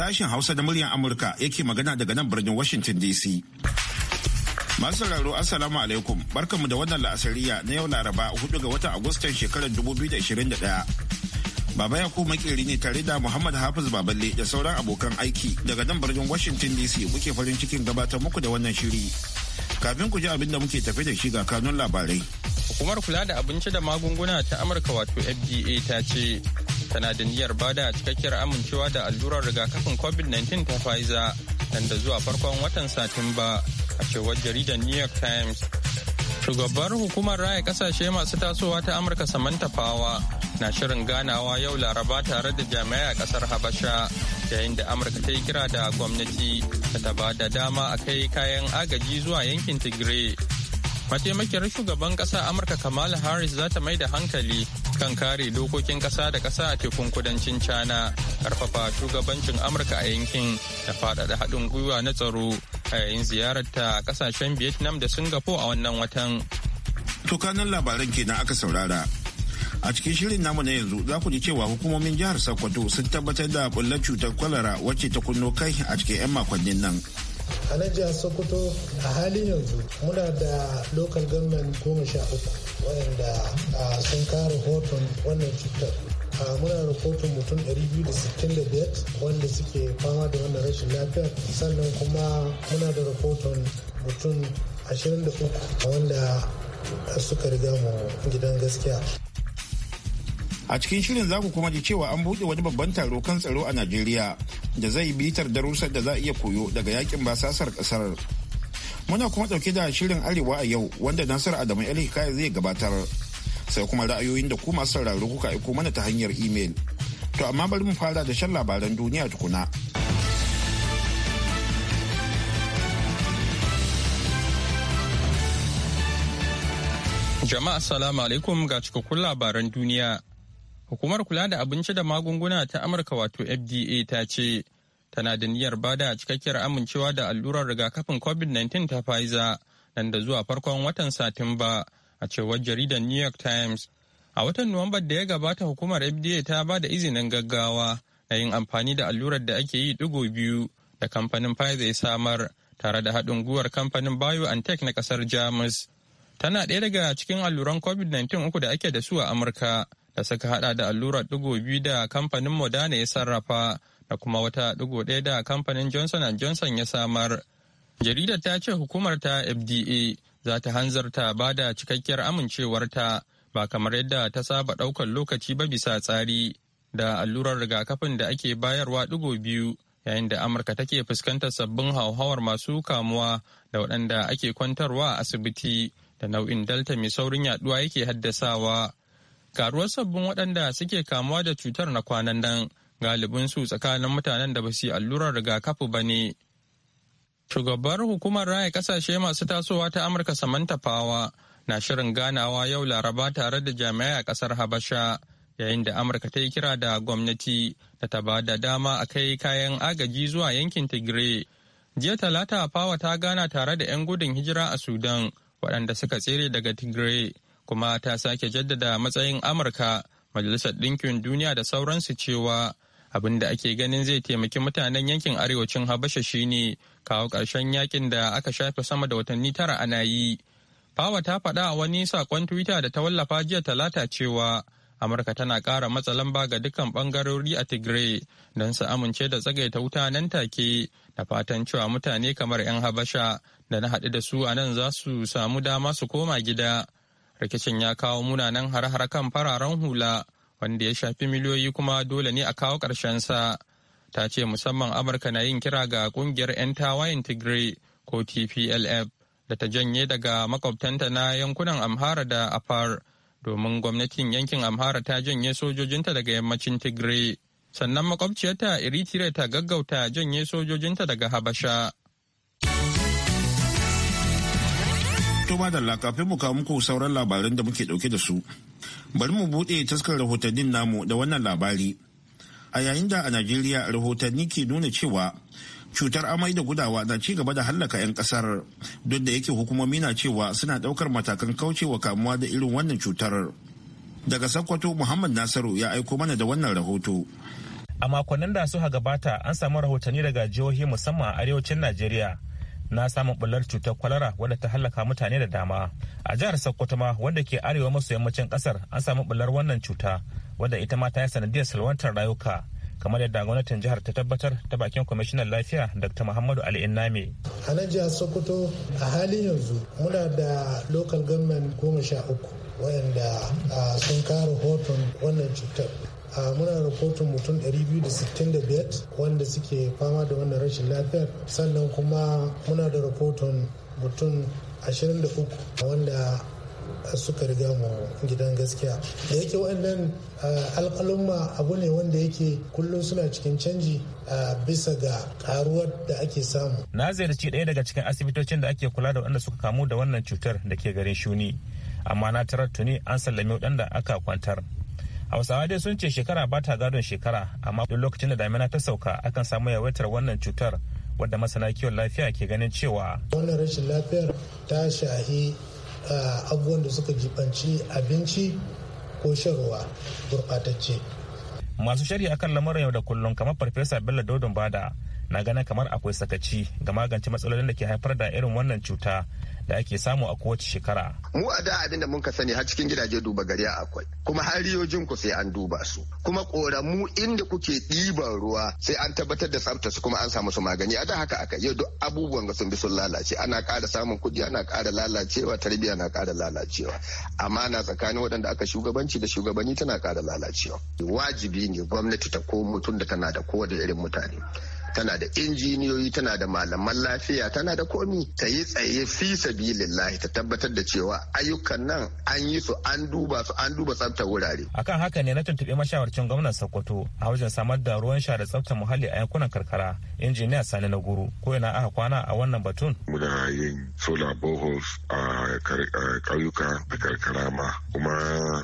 Sashen Hausa da muryar Amurka yake magana daga nan birnin Washington DC. Masu sauraro Assalamu alaikum barkanmu da wannan la'asariya na yau Laraba 4 ga watan Agustan shekarar 2021. Baba Yakubu makeri ne tare da Muhammad Hafiz Baballe da sauran abokan aiki daga nan birnin Washington DC muke farin cikin gabatar muku da wannan shiri. Kafin ku ji abin da muke tafi da shi ga kanun labarai. Hukumar kula da abinci da magunguna ta Amurka wato FDA ta ce tana da niyyar bada cikakkiyar amincewa da allurar rigakafin covid-19 ta Pfizer nan da zuwa farkon watan satumba a cewar jaridar new york times shugabar hukumar raya kasashe masu tasowa ta amurka samantha power na shirin ganawa yau laraba tare da jami'a a kasar habasha yayin da amurka ta yi kira da gwamnati da ta ba da dama a kai kayan agaji zuwa yankin tigray mataimakiyar shugaban kasa amurka kamala harris za ta mai da hankali kan kare dokokin kasa da kasa a tekun kudancin china karfafa shugabancin amurka a yankin da faɗaɗa haɗin gwiwa na tsaro a yayin ziyararta a kasashen vietnam da singapore a wannan watan tukanin labaran kenan aka saurara a cikin shirin namu na yanzu za ku ji cewa hukumomin jihar sokoto sun tabbatar da bullar cutar kwalara wacce ta kunno kai a cikin 'yan makonnin nan a nan jihar sokoto a halin yanzu muna da local government goma sha uku waɗanda sun kare hoton wannan cutar muna rahoton mutum 265 wanda suke fama da wannan rashin lafiyar sannan kuma muna da rahoton mutum 23 wanda suka riga mu gidan gaskiya a cikin shirin za ku kuma ji cewa an buɗe wani babban taro kan tsaro a najeriya da zai bitar darussan da za a iya koyo daga yakin basasar kasar muna kuma dauke da shirin arewa a yau wanda nasar adamu hikaya zai gabatar sai kuma ra'ayoyin da ku masu sauraro kuka aiko mana ta hanyar imel to amma bari mu fara da shan labaran duniya tukuna jama'a assalamu alaikum ga cikakkun labaran duniya Hukumar kula da abinci da magunguna ta Amurka wato FDA ta ce tana da niyyar bada cikakkiyar amincewa da allurar rigakafin COVID-19 ta Pfizer nan da zuwa farkon watan Satumba a cewar jaridar New York Times. A watan Nuwambar da ya gabata hukumar FDA ta ba da izinin gaggawa na yin amfani da allurar da ake yi digo biyu da kamfanin Pfizer ya samar tare da haɗin gwiwar kamfanin BioNTech na ƙasar Jamus. Tana ɗaya daga cikin alluran COVID-19 uku da ake da su a Amurka. da suka hada da allurar ɗigo biyu da kamfanin Moderna ya sarrafa da kuma wata ɗigo ɗaya da kamfanin Johnson Johnson ya samar. Jaridar ta ce hukumar ta FDA za ta hanzarta ba da cikakkiyar amincewarta ba kamar yadda ta saba ɗaukar lokaci ba bisa tsari da allurar rigakafin da ake bayarwa ɗigo biyu yayin da Amurka take fuskantar sabbin hauhawar masu kamuwa da waɗanda ake kwantarwa a asibiti da nau'in Delta mai saurin yaduwa yake haddasawa. karuwar sabbin waɗanda suke kamuwa da cutar na kwanan nan galibin su tsakanin mutanen da ba su yi allurar rigakafi ba ne shugabar hukumar raya kasashe masu tasowa ta amurka samantha power na shirin ganawa yau laraba tare da jami'ai a kasar habasha yayin da amurka ta yi kira da gwamnati da ta ba da dama a kai kayan agaji zuwa yankin tigray jiya talata fawa ta gana tare da 'yan gudun hijira a sudan waɗanda suka tsere daga tigray kuma ta sake jaddada matsayin amurka majalisar ɗinkin duniya da sauransu cewa abin da ake ganin zai taimaki mutanen yankin arewacin habasha shine kawo ƙarshen yakin da aka shafe sama da watanni tara ana yi fawa ta faɗa a wani saƙon twitter da ta wallafa jiya talata cewa amurka tana ƙara matsa lamba ga dukkan ɓangarori a tigray don su amince da tsagaita wuta nan take da fatan cewa mutane kamar 'yan habasha da na haɗu da su a nan za su samu dama su koma gida rikicin ya kawo munanan har-har kan fararen hula wanda ya shafi miliyoyi kuma dole ne a kawo sa ta ce musamman amurka na yin kira ga kungiyar 'yan tawayen tigray ko tplf da ta janye daga makwabtanta na yankunan amhara da afar domin gwamnatin yankin amhara ta janye sojojinta daga yammacin tigray sannan makwabciyarta eritrea ta gaggauta janye sojojinta daga habasha To madalla kafin mu kawo muku sauran labaran da muke dauke da su. Bari mu buɗe taskar rahotannin namu da wannan labari. A yayin da a Najeriya rahotanni ke nuna cewa cutar amai da gudawa na ci gaba da hallaka 'yan kasar duk da yake hukumomi na cewa suna daukar matakan kaucewa kamuwa da irin wannan cutar. Daga Sakkwato Muhammad Nasiru ya aiko mana da wannan rahoto. A makonnin da suka gabata an samu rahotanni daga jihohi musamman a arewacin Najeriya na samun bular cutar kwalara wadda ta hallaka mutane da dama a jihar sokoto ma wadda ke arewa maso yammacin kasar an samu bullar wannan cuta wadda ita ma ta yi sanadiyar salwantar rayuka kamar yadda gwamnatin jihar ta tabbatar ta bakin kwamishinan lafiya dr muhammadu ali inami a nan jihar sokoto a halin yanzu muna da local government goma sha uku wayanda sun kare hoton wannan cutar a muna rahoton mutum 265 wanda suke fama da wannan rashin lafiyar sannan kuma muna da rahoton mutum 23 wanda suka riga mu gidan gaskiya da yake wannan alƙalumma abu ne wanda yake kullum suna cikin canji bisa ga karuwar da ake samu na ziyarci ɗaya daga cikin asibitocin da ake kula da waɗanda suka kamu da wannan cutar da ke garin shuni amma na tarar tuni an sallame waɗanda aka kwantar hausawa dai sun ce shekara ba ta gadon shekara amma duk lokacin da damina ta sauka akan samu yawaitar wannan cutar wadda masana kiwon lafiya ke ganin cewa wannan rashin lafiyar ta shahi abubuwan da suka jibanci abinci ko shan ruwa gurɓatacce masu shari'a akan lamarin yau da kullum kamar farfesa bello dodon bada na ganin kamar akwai sakaci ga magance matsalolin da ke haifar da irin wannan cuta da ake samu a kowace shekara. Mu a da abin da mun ka sani har cikin gidaje duba gari akwai kuma har riyojin ku sai an duba su kuma koramu inda kuke ɗiban ruwa sai an tabbatar da tsafta su kuma an samu su magani a da haka aka yau duk abubuwan ga sun bi sun lalace ana ƙara samun kuɗi ana ƙara lalacewa tarbiyya na ƙara lalacewa amma na tsakanin waɗanda aka shugabanci da shugabanni tana ƙara lalacewa wajibi ne gwamnati ta ko mutum da tana da kowane irin mutane tana da injiniyoyi tana da malaman lafiya tana da komi ta yi tsaye fi sabilillahi ta tabbatar da cewa ayyukan nan an yi su an duba su an duba tsaftar wurare akan haka ne na tuntuɓi mashawarcin gwamnan Sokoto a wajen samar da ruwan sha da tsaftar muhalli a yankunan karkara injiniya Sani na guru ko yana aka kwana a wannan batun muna yin solar boreholes a ƙauyuka da karkara ma kuma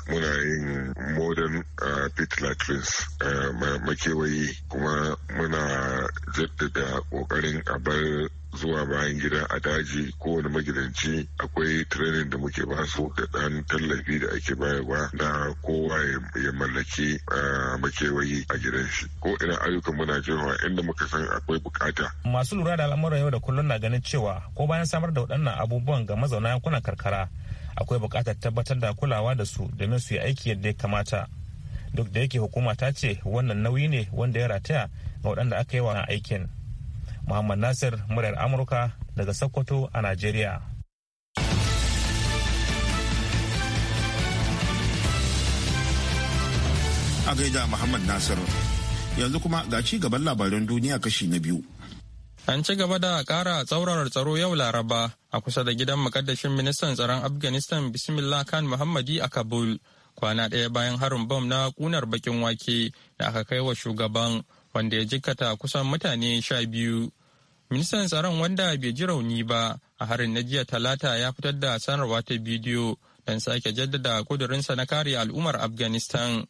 muna yin modern eh, pit latrines eh, makewayi kuma muna jaddada kokarin a bar zuwa bayan gida a daji kowane magidanci akwai training da muke basu da dan tallafi da ake bayarwa na kowa ya mallaki makewayi a gidan shi ko ina ayyukan muna cewa inda muka san akwai bukata masu lura da al'amuran yau da kullum na ganin cewa ko bayan samar da waɗannan abubuwan ga mazauna yankunan karkara akwai bukatar tabbatar da kulawa da su domin su yi aiki yadda ya kamata duk da yake hukuma ta ce wannan nauyi ne wanda ya rataya ga waɗanda aka yi wa aikin muhammad nasir muryar amurka daga sokoto a najeriya a gaida muhammad nasir yanzu kuma ga ci gaban labaran duniya kashi na biyu An ci gaba da ƙara tsaurarar tsaro yau Laraba a kusa da gidan makaddashin ministan tsaron Afghanistan Bismillah Khan Muhammadi a Kabul kwana ɗaya bayan harin bom na kunar bakin wake da aka kai wa shugaban wanda ya jikkata kusan mutane sha biyu. Ministan tsaron wanda bai ji rauni ba a harin na jiya talata ya fitar da sanarwa ta bidiyo don sake jaddada kudurinsa na kare al'ummar Afghanistan.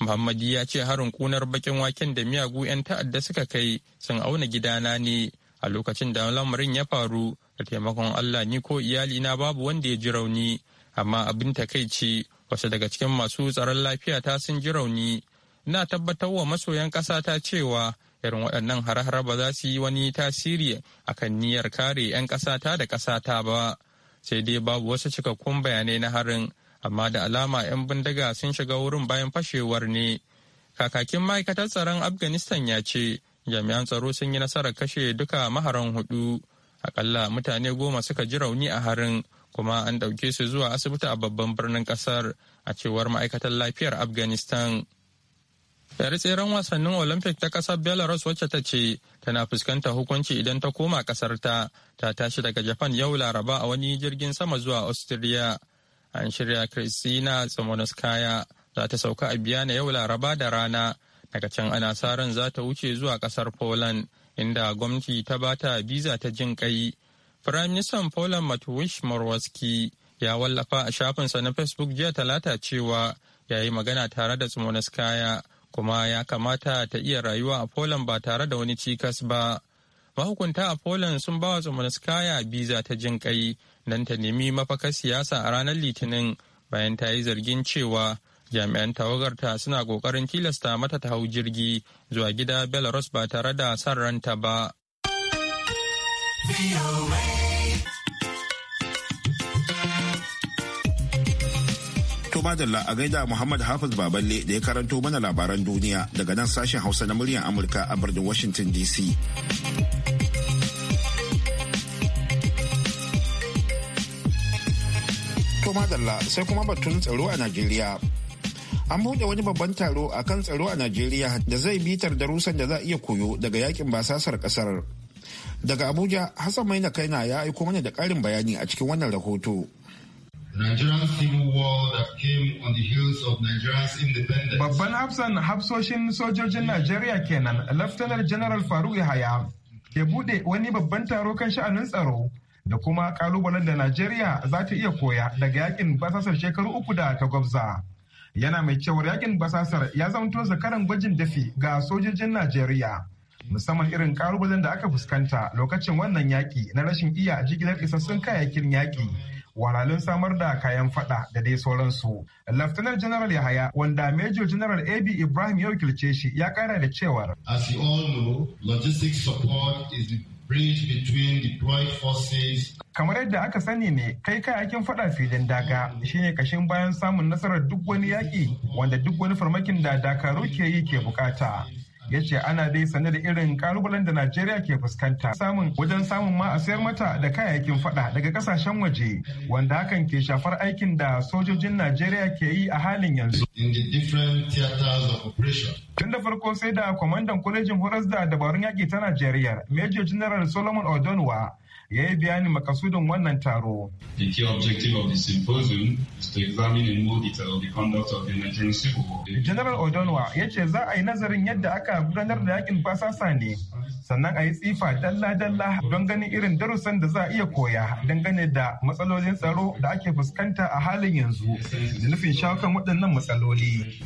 Muhammadi ya ce harin kunar bakin waken da miyagu 'yan ta'adda suka kai sun auna gidana ne a lokacin da lamarin ya faru da taimakon Allah ni ko iyali na babu wanda ya ji rauni amma abin takaici wasu daga cikin masu tsaron lafiya ta sun ji rauni na tabbatar wa masoyan ƙasata cewa irin waɗannan hare-hare ba za su yi wani tasiri a kan niyyar kare 'yan ƙasata da ƙasata ba sai dai babu wasu cikakkun bayanai na harin amma da alama 'yan bindiga sun shiga wurin bayan fashewar ne kakakin ma'aikatar tsaron afghanistan ya ce jami'an tsaro sun yi nasarar kashe duka maharan hudu akalla mutane goma suka ji rauni a harin kuma an ɗauke su zuwa asibiti a babban birnin ƙasar a cewar ma'aikatar lafiyar afghanistan yar tseren wasannin olympic ta ƙasar belarus wacce ta ce tana fuskanta hukunci idan ta koma ƙasar ta ta tashi daga japan yau laraba a wani jirgin sama zuwa austria an shirya kristina tsamonaskaya za ta sauka a biya na yau laraba da rana daga can ana sa ran za ta wuce zuwa ƙasar poland inda gwamnati ta bata biza ta jin kai Firaministan Poland Matwish Morwaski ya wallafa a shafinsa na Facebook jiya talata cewa ya yi magana tare da Tsimoneskaya kuma ya kamata ta iya rayuwa a Poland ba tare da wani cikas ba. Mahukunta a Poland sun ba wa Tsimoneskaya biza ta jin kai don ta nemi mafakar siyasa a ranar Litinin bayan ta yi zargin cewa jami'an tawagarta suna kokarin tilasta mata ta hau jirgi zuwa gida Belarus ba tare da son ranta ba. madalla a gaida Muhammad Hafiz Baballe da ya karanto mana labaran duniya daga nan sashen Hausa na muryar Amurka a birnin Washington DC. To madalla sai kuma batun tsaro a Najeriya. An buɗe wani babban taro a kan tsaro a Najeriya da zai bitar darussan da za a iya koyo daga yakin basasar ƙasar. Daga Abuja, Hassan Maina Kaina ya aiko mana da karin bayani a cikin wannan rahoto. Babban hafsan hafsoshin sojojin Najeriya kenan, Laftanar General Faruk Yahaya ke bude wani babban taro kan sha'anin tsaro da kuma kalubalen da Najeriya za ta iya koya daga yakin basasar shekaru uku da ta gwabza. Yana mai cewar yakin basasar ya zamto zakaran gwajin dafi ga sojojin Najeriya. musamman irin karubalen da aka fuskanta lokacin wannan yaƙi na rashin iya jigilar isassun kayayyakin yaƙi wahalhalun samar da kayan fada da dai sauransu. Laftanar General Yahaya wanda Major General AB Ibrahim ya wakilce shi ya kara da cewar. As you all know, logistics support is the bridge between deployed forces. Kamar yadda aka sani ne, kai kayakin fada filin daga shine kashin bayan samun nasarar duk wani yaƙi wanda duk wani farmakin da dakaru ke yi ke bukata. ya ce ana dai sane da irin kalubalen da najeriya ke fuskanta samun wajen samun ma a sayar mata da kayayyakin fada daga kasashen waje wanda hakan ke shafar aikin da sojojin najeriya ke yi a halin yanzu tun da farko sai da kwamandan kwalejin horas da dabarun yaƙi ta najeriya major general solomon odonwa ya yi bayani makasudin wannan taro. The key objective of the symposium is to examine in more detail the conduct of the Nigerian Civil War. General Odonwa ya ce za a yi nazarin yadda aka gudanar da yakin basasa ne, sannan a yi tsifa dalla-dalla don ganin irin darussan da za a iya koya dangane da matsalolin tsaro da ake fuskanta a halin yanzu da nufin shakan waɗannan matsaloli.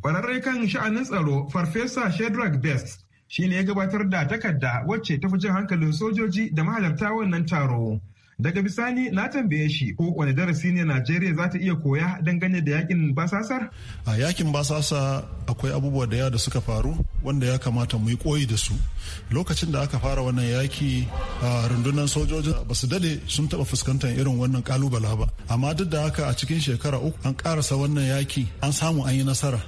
Ƙwararre kan sha'anin tsaro Farfesa Shedrack Best shine ya gabatar da takarda wacce ta fi jan hankalin sojoji da mahalarta wannan taro. Daga bisani na tambaye shi ko wani darasi ne Najeriya za ta iya koya dangane da yakin basasar? A yakin basasa akwai abubuwa da yawa da suka faru wanda ya kamata mu yi koyi da su. Lokacin da aka fara wannan yaki a rundunar sojojin ba su dade sun taba fuskantar irin wannan kalubala ba. Amma duk da haka a cikin shekara uku an karasa wannan yaki an samu an yi nasara.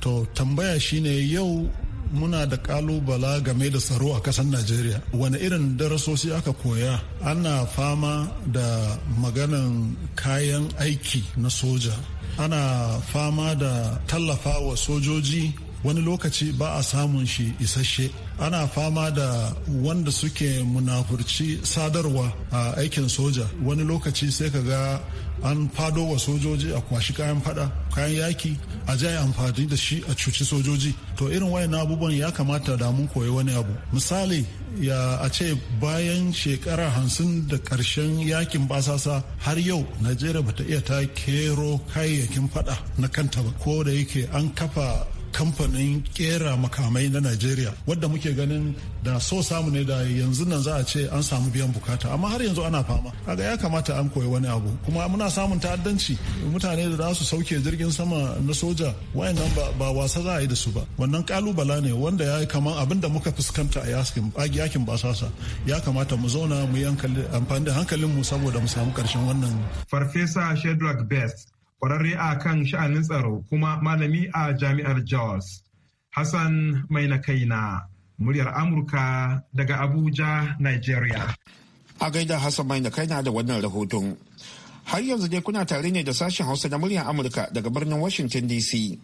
To tambaya shine yau muna da kalubala game da tsaro a kasar najeriya wani irin darasoshi aka koya ana fama da maganan kayan aiki na soja ana fama da tallafa wa sojoji wani lokaci ba a samun shi isasshe ana fama da wanda suke munafurci sadarwa a aikin soja wani lokaci sai ka ga an fado wa sojoji a kwashi kayan fada kayan yaki a ji amfani da shi a cuci sojoji to irin wayan abubuwan ya kamata da mun koyi wani abu misali ya a ce bayan shekara hamsin da karshen yakin basasa har yau najeriya bata iya ta kero kayayyakin fada na kanta ba ko da yake an kafa kamfanin kera makamai na Najeriya wadda muke ganin da so samu ne da yanzu nan za a ce an samu biyan bukata amma har yanzu ana fama kaga ya kamata an koyi wani abu kuma muna samun ta'addanci mutane da za su sauke jirgin sama na soja wayannan ba wasa za a yi da su ba wannan kalubala ne wanda ya yi kaman abin da muka fuskanta a yakin basasa ya kamata mu zauna mu yi amfani da hankalin mu saboda mu samu karshen wannan farfesa shedrack best kwararre a kan sha'anin tsaro kuma malami a jami'ar Jos. Hassan mai na kaina muryar Amurka daga Abuja, Nigeria. A gaida Hassan mai na kaina da wannan rahoton. Har yanzu dai kuna tare ne da sashen Hausa da muryar Amurka daga birnin Washington DC.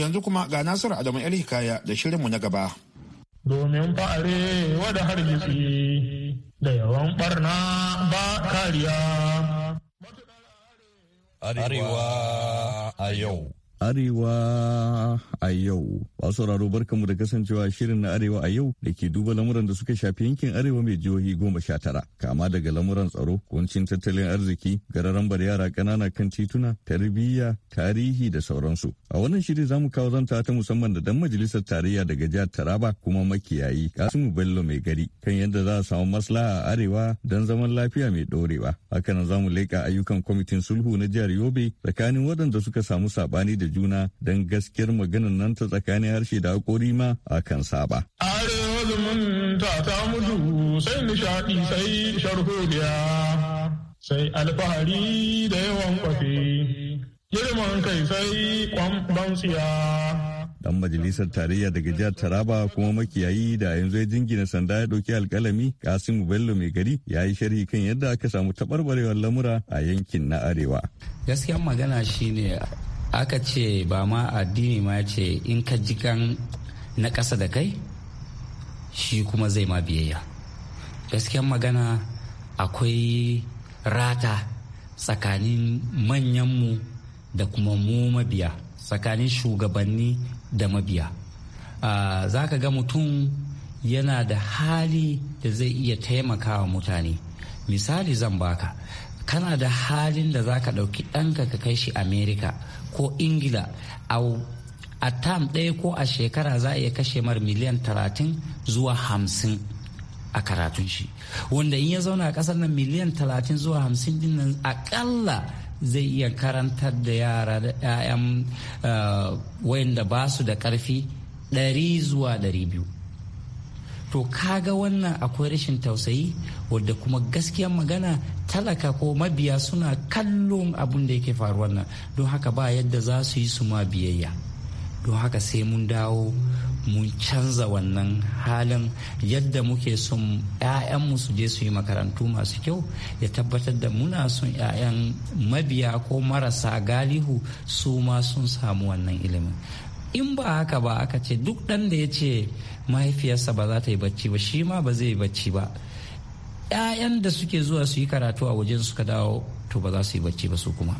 Yanzu kuma ga Nasiru Adamu 'yar Hikaya da shirinmu na gaba. Domin fa'are wada hargitsi da yawan barna ba kariya. Arewa a yau. Arewa a yau. Masu sauraro barkamu da kasancewa shirin na Arewa a yau da ke duba lamuran da suka shafi yankin Arewa mai jihohi goma sha tara. Kama daga lamuran tsaro, kuncin tattalin arziki, gararan bar yara ƙanana kan tituna, tarbiyya, tarihi da sauransu. A wannan shirin zamu kawo zanta ta musamman da dan majalisar tarayya daga jihar Taraba kuma makiyayi Kasimu Bello mai gari kan yadda za a samu maslaha a Arewa don zaman lafiya mai ɗorewa. Hakanan zamu leƙa ayyukan kwamitin sulhu na jihar Yobe tsakanin waɗanda suka samu saɓani da juna don gaskiyar maganin nan ta tsakanin harshe da hakori ma a kan saba. Arewa zumunta ta mutu sai nishaɗi sai sharholiya sai alfahari da yawan kwafe girman kai sai kwamban dan majalisar tarayya daga jihar Taraba kuma makiyayi da yanzu ya jingina sanda ya ɗauki alkalami Kasimu Bello mai gari ya yi sharhi kan yadda aka samu taɓarɓarewar lamura a yankin na Arewa. Gaskiyar magana shine aka ce ba ma addini ma ce in ka jikan na ƙasa da kai shi kuma zai ma biyayya gaskiyan magana akwai rata tsakanin manyanmu da kuma mu mabiya tsakanin shugabanni da mabiya za ka ga mutum yana da hali da zai iya taimakawa mutane misali zan baka kana da halin da za ka ɗauki ɗanka ka kai shi amerika ko ingila a tam ɗaya ko a shekara za a iya kashe mar miliyan 30 zuwa 50 a karatun shi wanda in ya zauna a ƙasar nan miliyan 30 zuwa 50 din nan aƙalla zai iya karantar da yara da 'ya'yan eh, wayanda ba su da ƙarfi 100 zuwa 200 to kaga wannan akwai rashin tausayi wadda kuma gaskiyar magana talaka ko mabiya suna kallon abin da yake faruwa nan don haka ba yadda za su yi su ma biyayya don haka sai mun dawo mun canza wannan halin yadda muke son 'ya'yanmu su je su yi makarantu masu kyau ya tabbatar da muna son 'ya'yan mabiya ko marasa galihu su ma sun samu wannan ilimin in ba haka ba aka ce duk ɗan da ya ce mahaifiyarsa ba za ta yi bacci ba shi ma ba zai yi bacci ba 'ya'yan da suke zuwa su yi karatu a wajen suka dawo to ba za su yi bacci ba su kuma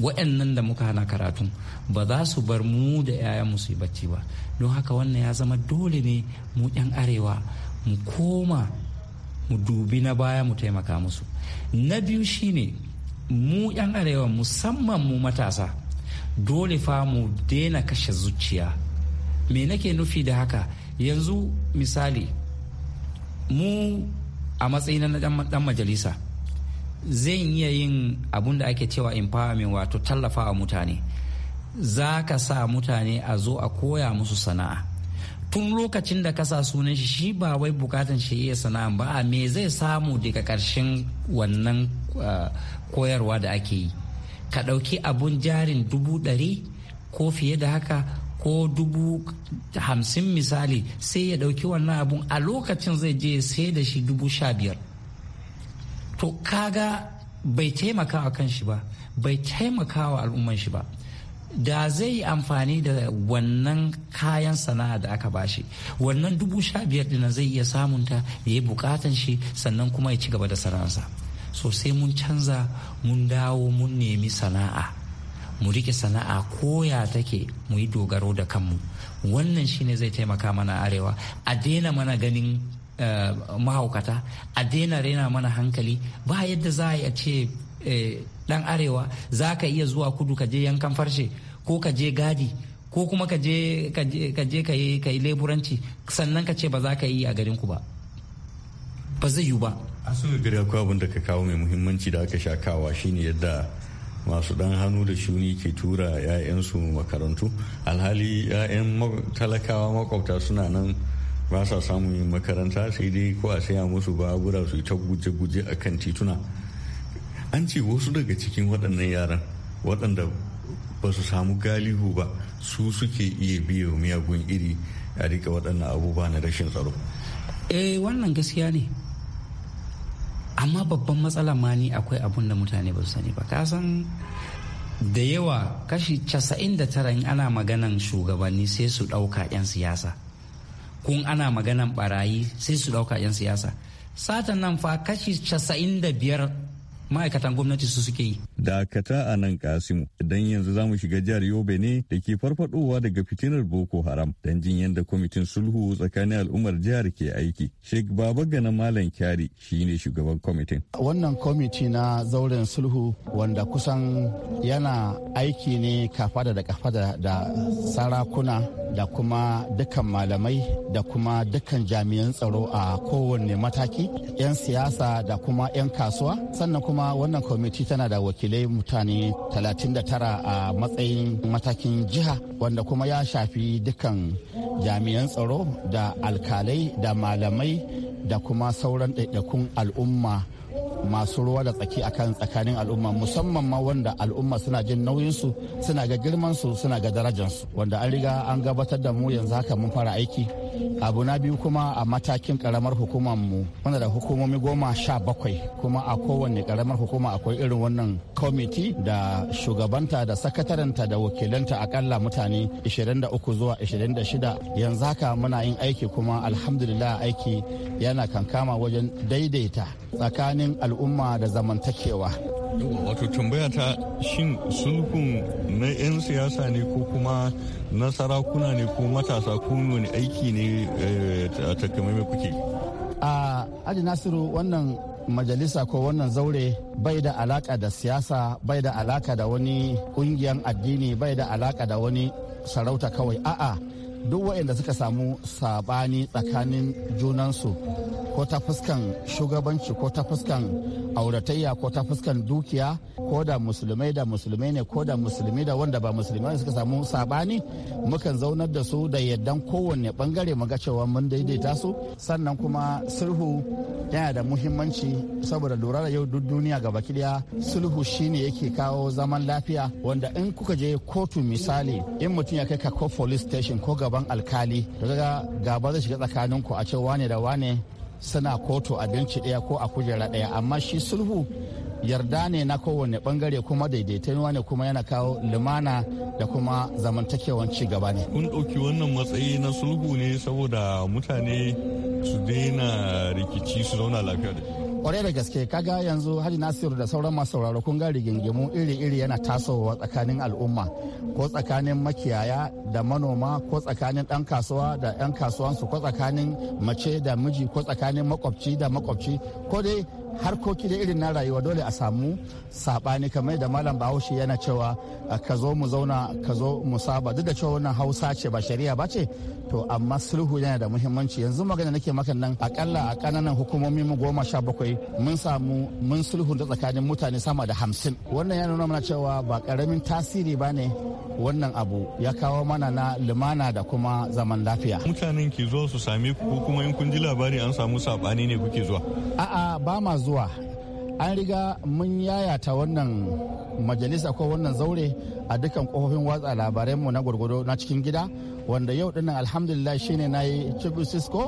waɗannan da muka hana karatun ba za su bar mu da yayan mu su yi bacci ba don haka wannan ya zama dole ne mu 'yan arewa mu koma mu dubi na baya mu taimaka musu na biyu shine mu 'yan arewa musamman mu matasa dole fa mu daina kashe zuciya me nake nufi da haka yanzu misali mu a matsayin na dan majalisa zai iya yin abun da ake cewa empowerment wato tallafa wa mutane za ka sa mutane a zo a koya musu sana'a tun lokacin da ka sa sunan shi shi ba wai bukatan shi iya sana'a ba a me zai samu daga karshen wannan koyarwa da ake yi ka ɗauki abun jarin dubu ɗari ko fiye da haka ko dubu hamsin misali sai ya ɗauki wannan abun a lokacin zai je sai da shi dubu sha biyar to kaga bai taimaka wa kan shi ba bai taimaka wa al'umman shi ba da zai yi amfani da wannan kayan sana'a da aka bashi wannan dubu sha biyar dina zai iya samunta ya yi bukatan shi sannan kuma ya ci gaba da sana'arsa sosai mun canza mun dawo mun nemi sana'a mu rike sana'a koya take mu yi dogaro da kanmu wannan shine zai taimaka mana arewa a daina mana ganin eh, mahaukata a daina rena mana hankali ba yadda za a ce dan eh, arewa za ka iya zuwa kudu ka je yankan farshe ko ka je gadi ko kuma ka je ka yi leburanci sannan ka ce ba za ka yi a garin ku ba ba zai yiwu ba a so gari akwai abin da ka kawo mai muhimmanci da aka shakawa shine yadda masu dan hannu da shuni ke tura 'ya'yansu makarantu alhali 'ya'yan talakawa makwabta suna nan ba sa samun yin makaranta sai dai ko a saya musu babura su ta guje-guje a kan tituna an ce wasu daga cikin waɗannan yaran waɗanda ba su samu galihu ba su suke iya biya miyagun iri a rika waɗannan abubuwa na rashin tsaro eh wannan gaskiya ne amma babban matsala ma ni akwai abun da mutane ba su sani ba kasan da yawa kashi 99 in ana maganan shugabanni sai su ɗauka 'yan siyasa kun ana maganan barayi sai su ɗauka 'yan siyasa satan nan fa kashi 95 ma'aikatan gwamnati su suke yi dakata a nan kasimu don yanzu za mu shiga jihar yobe ne da ke farfadowa daga fitinar boko haram don jin yadda kwamitin sulhu tsakanin al'ummar jihar ke aiki sheik baba gana malam kyari shine shugaban kwamitin wannan kwamiti na zauren sulhu wanda kusan yana aiki ne kafa da kafa da sarakuna da kuma dukkan malamai da kuma dukkan jami'an tsaro a kowanne mataki 'yan siyasa da kuma 'yan kasuwa sannan kuma wannan kwamiti tana da wakil wakilai mutane 39 a matsayin matakin jiha wanda kuma ya shafi dukkan jami'an tsaro da alkalai da malamai da kuma sauran ɗaiɗakun al'umma masu ruwa da tsaki a kan tsakanin al'umma musamman ma wanda al'umma suna jin nauyinsu suna ga girmansu suna ga darajansu wanda an riga an gabatar da mu yanzu haka mun fara aiki abu na biyu kuma a matakin karamar hukumar mu wanda da hukumomi goma sha bakwai kuma a kowane karamar hukuma akwai irin wannan kwamiti da shugabanta da sakataranta da wakilanta akalla mutane 23 zuwa 26 yanzu haka muna yin aiki kuma alhamdulillah aiki yana kankama wajen daidaita tsakanin al'umma al'umma da zamantakewa wato tambaya ta shin sulhun na 'yan siyasa ne ko kuma na sarakuna ne ko matasa ko wani aiki ne eh, a takamaimai kuke a aji nasiru wannan majalisa ko wannan zaure bai da alaka da siyasa bai da alaka da wani kungiyan addini bai da alaka da wani sarauta kawai a'a duk waɗanda suka samu sabani tsakanin junansu ko ta fuskan shugabanci ko ta fuskan auratayya ko ta fuskan dukiya ko da musulmai da musulmai ne ko da musulmi da wanda ba musulmai suka samu sabani mukan zaunar da su da yaddan kowanne bangare mu ga cewa mun daidaita su sannan kuma sulhu yana da muhimmanci saboda lura da yau duk duniya gaba daya sulhu shine yake kawo zaman lafiya wanda in kuka je kotu misali in mutum ya kai ka ko police station ko gaban alkali to daga gaba zai shiga tsakaninku a ce wane da wane suna kotu a benci ɗaya ko a kujera ɗaya amma shi sulhu yarda ne na kowane bangare kuma daidaitanuwa ne kuma yana kawo lumana da kuma zamantakewan ci gaba ne. Kun ɗauki wannan matsayi na sulhu ne saboda mutane su daina rikici su zauna lafiya da shi. kwarai da gaske kaga yanzu hajji nasiru da sauran masu sauraro kun ga rigingimu iri-iri yana tasowa tsakanin al'umma ko tsakanin makiyaya da manoma ko tsakanin ɗan kasuwa da yan kasuwansu ko tsakanin mace da miji ko tsakanin makwabci da makwabci ko dai harkoki da irin na rayuwa dole a samu saɓani kamar da malam bahaushe yana cewa ka zo mu zauna ka zo mu saba duk da cewa wannan hausa ce ba shari'a ba ce to amma sulhu yana da muhimmanci yanzu magana nake maka nan akalla a kananan hukumomi mu goma sha bakwai mun samu mun sulhu da tsakanin mutane sama da hamsin wannan yana nuna mana cewa ba karamin tasiri ba ne wannan abu ya kawo mana na lumana da kuma zaman lafiya mutanen ki zo su same ku kuma in kun ji labari an samu sabani ne kuke zuwa a'a ba ma zuwa an riga mun yayata wannan majalisa ko wannan zaure a dukkan kofofin watsa labarai mu na gwargwado na cikin gida wanda yau dinnan alhamdulillah shine na yi cibu cisco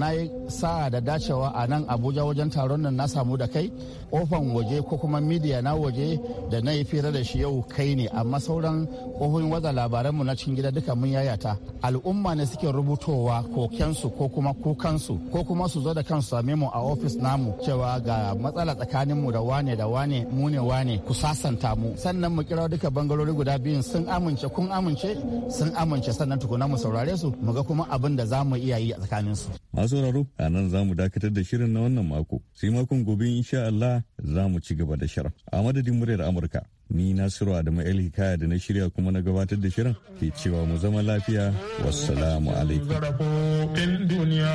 na yi sa'a da dacewa a nan abuja wajen taron nan na samu da kai kofan waje ko kuma midiya na waje da na yi fira da shi yau kai ne amma sauran kofofin watsa labaranmu na cikin gida duka mun yayata al'umma ne suke rubutowa kokensu ko kuma kukansu ko kuma su zo da kansu same mu a ofis namu cewa ga matsala tsakaninmu da wane da wane mu ne wane ku sasanta mu sannan mu kira duka bangarori guda biyun sun amince kun amince sun amince sannan tukuna mu saurare su mu ga kuma abin da za mu iya yi a tsakanin su. Masu sauraro a nan za mu dakatar da shirin na wannan mako sai makon gobe insha Allah za mu ci gaba da shirin. A madadin muryar Amurka ni Nasiru Adamu El Hikaya da na shirya kuma na gabatar da shirin ke cewa mu zama lafiya wassalamu alaikum. duniya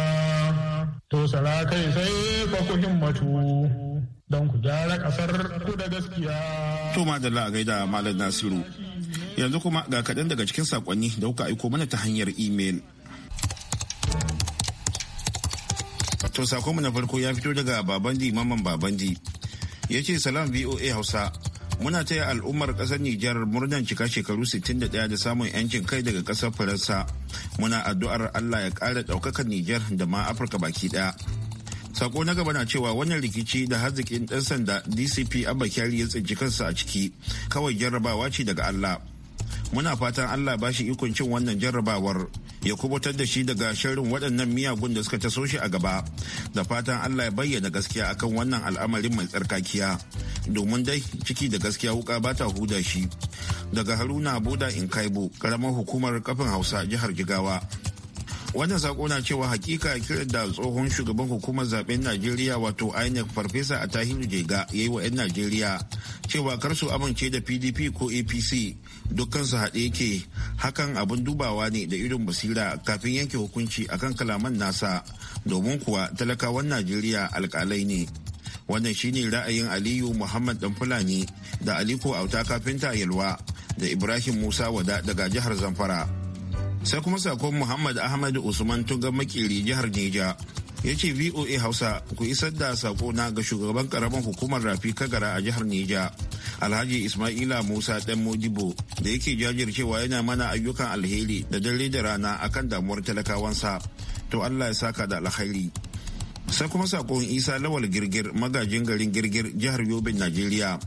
himmatu. don ku gyara kasar ku da gaskiya. To madalla a gaida Malam Nasiru. Yanzu kuma ga kaɗan daga cikin saƙonni da kuka aiko mana ta hanyar imel. To sakonmu na farko ya fito daga Babandi Maman Babandi. Ya ce salam VOA Hausa. Muna taya al'ummar ƙasar Nijar murnar cika shekaru 61 da samun 'yancin kai daga ƙasar Faransa. Muna addu'ar Allah ya ƙara ɗaukakar Nijar da ma Afirka baki ɗaya. sako na gaba na cewa wannan rikici da harzikin ɗan sanda dcp abba kyari ya tsinci kansa a ciki kawai jarrabawa ce daga allah muna fatan allah ba shi ikon cin wannan jarrabawar ya kubutar da shi daga shirin waɗannan miyagun da suka taso shi a gaba da fatan allah ya bayyana gaskiya akan wannan al'amarin mai tsarkakiya domin dai ciki da gaskiya wuka ba ta huda shi daga haruna boda in kaibo karamar hukumar kafin hausa jihar jigawa wannan sako na cewa hakika kiran da tsohon shugaban hukumar zaben najeriya wato inec farfesa a tahiru jega ya yi wa 'yan najeriya cewa kar su amince da pdp ko apc dukkansu haɗe yake hakan abin dubawa ne da irin basira kafin yanke hukunci akan kalaman nasa domin kuwa talakawan najeriya alkalai ne wannan shine ra'ayin aliyu muhammad dan fulani da aliko auta kafinta yalwa da ibrahim musa wada daga jihar zamfara sai kuma sakon muhammad ahmad usman tuga makiri jihar neja ya ce voa hausa ku isar da sako na ga shugaban karamin hukumar rafi kagara a jihar neja alhaji ismaila musa dan modibo da yake jajircewa yana mana ayyukan alheri da dare da rana akan damuwar talakawansa to allah ya saka da alhairi sai kuma sakon isa lawal girgir magajin garin girgir jihar yobin najeriya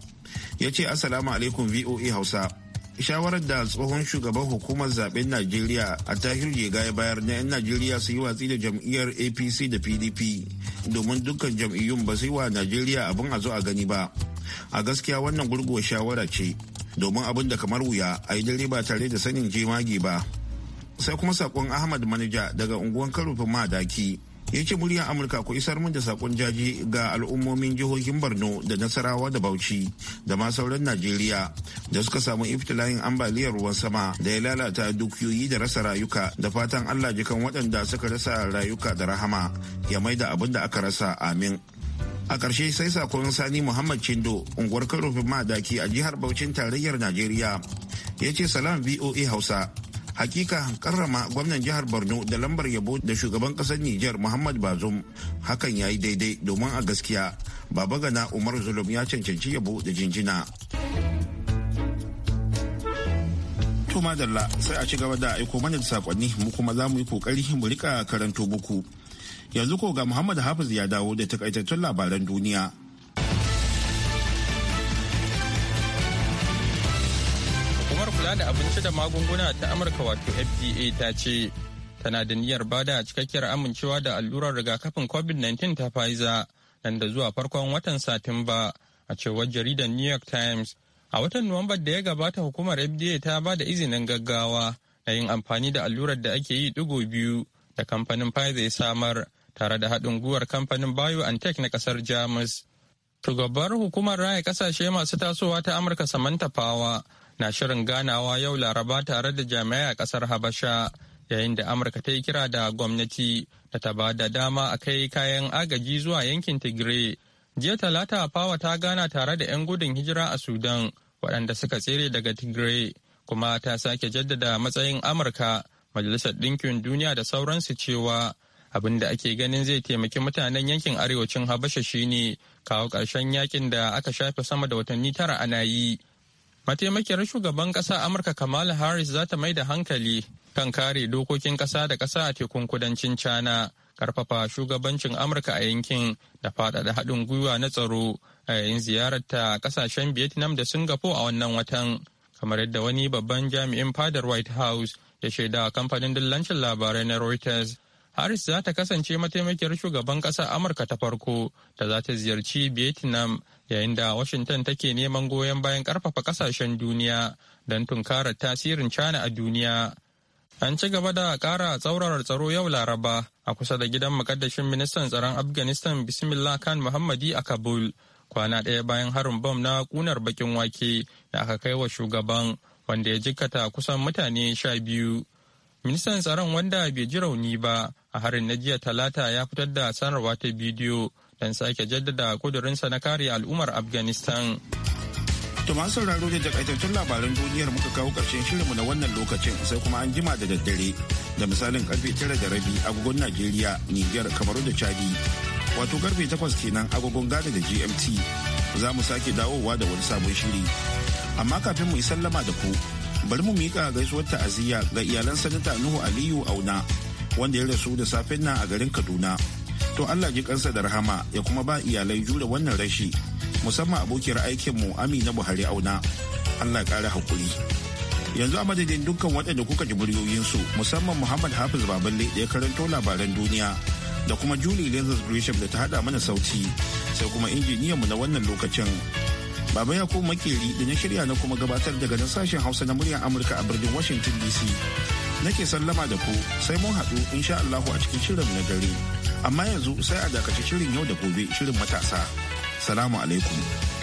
ya ce assalamu alaikum voa hausa shawarar da tsohon shugaban hukumar zaben najeriya a tahir jega ya bayar na 'yan najeriya su yi watsi da jam'iyyar apc da pdp domin dukkan jam'iyyun ba su yi wa najeriya abin a zo a gani ba a gaskiya wannan gurguwa shawara ce domin abin da kamar wuya a yi dare ba tare da sanin jemage ba sai kuma sakon ahmad Manija daga unguwan karufin madaki ya ce muryar amurka ku isar mun da sakon jaji ga al'ummomin jihohin borno da nasarawa da bauchi da ma sauran najeriya da suka samu iftilayin ambaliyar ruwan sama da ya lalata dukiyoyi da rasa rayuka da fatan allah jikan waɗanda suka rasa rayuka da rahama ya maida abin da aka rasa amin a ƙarshe sai sakon sani muhammad chindo unguwar karofin madaki a jihar bauchin tarayyar najeriya ya ce salam voa hausa hakika karrama gwamnan jihar borno da lambar yabo da shugaban kasar niger muhammad bazum hakan ya yi daidai domin a gaskiya baba gana umar zulum ya cancanci yabo da jinjina to madalla sai a ci gaba da aiko mana da sakonni mu kuma za mu yi kokari mu rika karanto muku yanzu ko ga muhammad hafiz ya dawo da takaitattun labaran duniya da abinci da magunguna ta Amurka wato FDA ta ce tana da niyyar bada cikakkiyar amincewa da allurar rigakafin COVID-19 ta Pfizer nan da zuwa farkon watan Satumba a cewar jaridar New York Times. A watan nuwamba da ya gabata hukumar FDA ta ba da izinin gaggawa na yin amfani da allurar da ake yi digo biyu da kamfanin Pfizer samar tare da haɗin gwiwar kamfanin BioNTech na ƙasar Jamus. Shugabar hukumar raya kasashe masu tasowa ta Amurka Samantha Power na shirin ganawa yau laraba tare da jami'ai a kasar habasha yayin da amurka ta yi kira da gwamnati da ta ba da dama a kai kayan agaji zuwa yankin tigray jiya talata fawa ta gana tare da 'yan gudun hijira a sudan waɗanda suka tsere daga tigray kuma ta sake jaddada matsayin amurka majalisar ɗinkin duniya da sauransu cewa abin da ake ganin zai taimaki mutanen yankin arewacin habasha shine kawo ƙarshen yakin da aka shafe sama da watanni tara ana yi Mataimakiyar shugaban ƙasa Amurka Kamala Harris za ta mai da hankali kan kare dokokin ƙasa da ƙasa a tekun kudancin China, karfafa shugabancin Amurka a yankin da faɗaɗa haɗin gwiwa na tsaro a yayin ziyararta ƙasashen Vietnam da Singapore a wannan watan. Kamar yadda wani babban jami'in fadar White House ya shaida kamfanin dillancin labarai na Reuters, Harris za ta kasance mataimakiyar shugaban ƙasar Amurka ta farko da za ta ziyarci Vietnam yayin da Washington take neman goyon bayan karfafa ƙasashen duniya don tunkarar tasirin China a duniya. An ci gaba da ƙara tsaurarar tsaro yau Laraba a kusa da gidan makaddashin ministan tsaron Afghanistan Bismillah Khan Muhammadi a Kabul kwana ɗaya bayan harin bom na kunar bakin wake da aka kai wa shugaban wanda ya jikkata kusan mutane sha biyu. Ministan tsaron wanda bai ji rauni ba a harin na jiya talata ya fitar da sanarwa ta bidiyo don sake jaddada kudurinsa na kare al'ummar afghanistan To masu sauraro da jakaitattun labaran duniyar muka kawo karshen shirinmu na wannan lokacin sai kuma an jima da daddare da misalin karfe tara da rabi agogon Najeriya, Niger, Kamaru da Chadi. Wato karfe takwas kenan agogon gada da GMT. Za mu sake dawowa da wani sabon shiri. Amma kafin mu yi sallama da ku, bari mu miƙa gaisuwar ta'aziyya ga iyalan sanata Nuhu Aliyu Auna wanda ya rasu da safen nan a garin kaduna to allah ji kansa da rahama ya kuma ba iyalai jure wannan rashi musamman abokiyar aikinmu amina buhari auna allah kara hakuri yanzu a madadin dukkan waɗanda kuka ji muryoyinsu musamman muhammad hafiz baballe da ya karanto labaran duniya da kuma julie lezard bishop da ta hada mana sauti sai kuma injiniyan mu na wannan lokacin Baba Yakubu Makeri da na shirya na kuma gabatar daga nan sashen Hausa na muryar Amurka a birnin Washington DC. nake sallama da ku sai mun haɗu insha Allahu a cikin shirin na dare. Amma yanzu sai a dakaci shirin yau da gobe shirin matasa. Salamu alaikum.